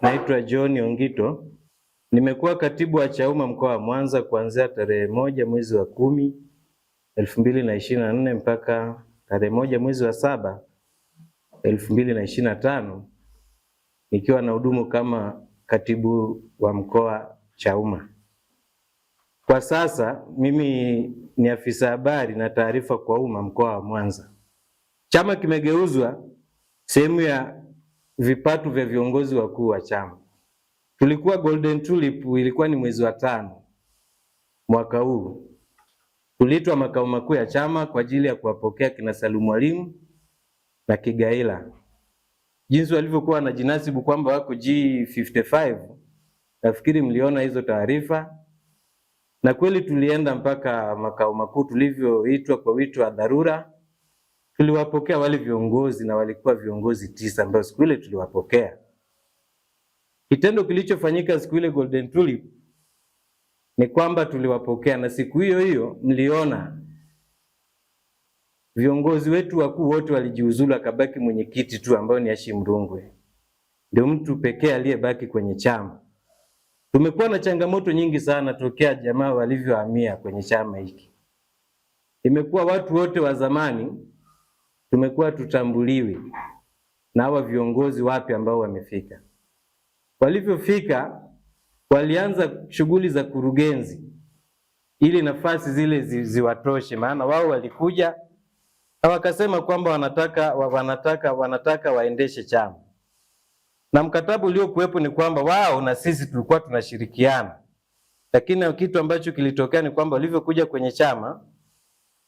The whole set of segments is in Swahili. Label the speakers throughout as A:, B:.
A: Naitwa John Ongito, nimekuwa katibu wa Chauma mkoa wa Mwanza kuanzia tarehe moja mwezi wa kumi elfu mbili na ishirini na nne mpaka tarehe moja mwezi wa saba elfu mbili na ishirini na tano nikiwa na hudumu kama katibu wa mkoa Chauma. Kwa sasa mimi ni afisa habari na taarifa kwa umma mkoa wa Mwanza. Chama kimegeuzwa sehemu ya vipatu vya viongozi wakuu wa chama. Tulikuwa Golden Tulip, ilikuwa ni mwezi wa tano mwaka huu. Tuliitwa makao makuu ya chama kwa ajili ya kuwapokea kina Salum Mwalimu na Kigaila, jinsi walivyokuwa wanajinasibu kwamba wako G55. Nafikiri mliona hizo taarifa, na kweli tulienda mpaka makao makuu tulivyoitwa kwa wito wa dharura Tuliwapokea wale viongozi na walikuwa viongozi tisa ambao siku ile tuliwapokea. Kitendo kilichofanyika siku ile Golden Tulip ni kwamba tuliwapokea, na siku hiyo hiyo mliona viongozi wetu wakuu wote walijiuzulu, akabaki mwenyekiti tu ambayo ni Ashi Rungwe, ndio mtu pekee aliyebaki kwenye chama. Tumekuwa na changamoto nyingi sana tokea jamaa walivyohamia kwenye chama hiki. Imekuwa watu wote wa zamani tumekuwa tutambuliwi na hawa viongozi wapya ambao wamefika. Walivyofika walianza shughuli za kurugenzi ili nafasi zile zi, ziwatoshe, maana wao walikuja na wakasema kwamba wanataka wanataka wanataka waendeshe chama, na mkataba uliokuwepo ni kwamba wao na sisi tulikuwa tunashirikiana, lakini kitu ambacho kilitokea ni kwamba walivyokuja kwenye chama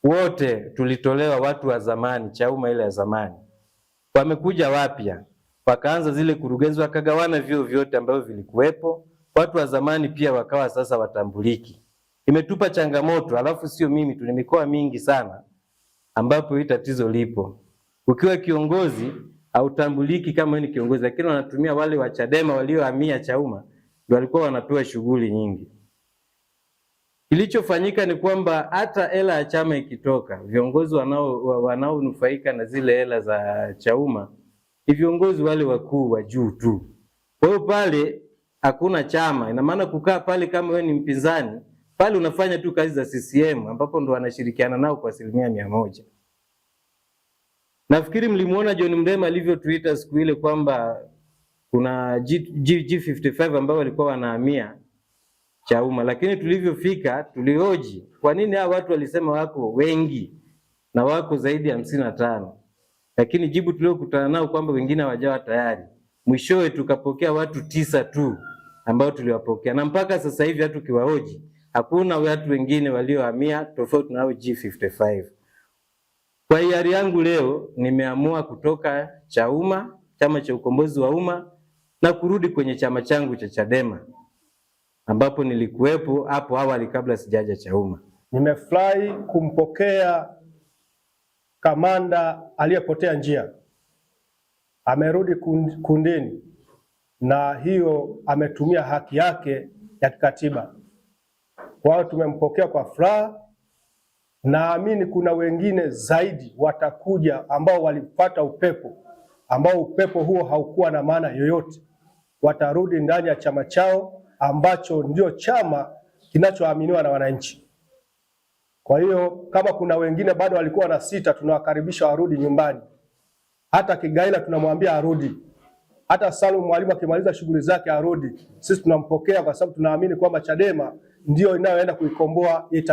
A: wote tulitolewa watu wa zamani, chauma ile ya zamani, wamekuja wapya, wakaanza zile kurugenzi, wakagawana vio vyote ambavyo vilikuwepo. Watu wa zamani pia wakawa sasa watambuliki. Imetupa changamoto, alafu sio mimi, tuna mikoa mingi sana ambapo hii tatizo lipo. Ukiwa kiongozi hautambuliki kama ni kiongozi, lakini wanatumia wale wa Chadema waliohamia Chauma ndio walikuwa wanapewa shughuli nyingi. Kilichofanyika ni kwamba hata hela ya chama ikitoka, viongozi wanaonufaika wanao na zile hela za Chauma ni viongozi wale wakuu wa juu tu. Kwa hiyo pale hakuna chama, ina maana kukaa pale kama wewe ni mpinzani pale unafanya tu kazi za CCM ambapo ndo wanashirikiana nao kwa asilimia mia moja. Nafikiri mlimuona John Mrema alivyo Twitter siku ile kwamba kuna G, G, G55 ambao walikuwa wanahamia umma, lakini tulivyofika tulioji, kwa nini hao watu walisema wako wengi na wako zaidi ya hamsini na tano, lakini jibu tuliokutana nao kwamba wengine hawajawa tayari. Mwishowe tukapokea watu tisa tu ambao tuliwapokea, na mpaka sasa hivi hata ukiwahoji hakuna watu wengine waliohamia tofauti na hao G55. Kwa hiari yangu leo nimeamua kutoka cha umma chama cha ukombozi wa umma, na kurudi kwenye chama changu cha Chadema ambapo nilikuwepo hapo awali kabla sijaja Chauma.
B: Nimefurahi kumpokea kamanda aliyepotea njia, amerudi kundini na hiyo ametumia haki yake ya kikatiba. Kwa hiyo tumempokea kwa furaha. Naamini kuna wengine zaidi watakuja ambao walipata upepo ambao upepo huo haukuwa na maana yoyote, watarudi ndani ya chama chao ambacho ndio chama kinachoaminiwa na wananchi. Kwa hiyo kama kuna wengine bado walikuwa na sita, tunawakaribisha warudi nyumbani. Hata Kigaila tunamwambia arudi, hata Salum Mwalimu akimaliza shughuli zake arudi. Sisi tunampokea kwa sababu tunaamini kwamba Chadema ndio inayoenda kuikomboa hii Tanzania.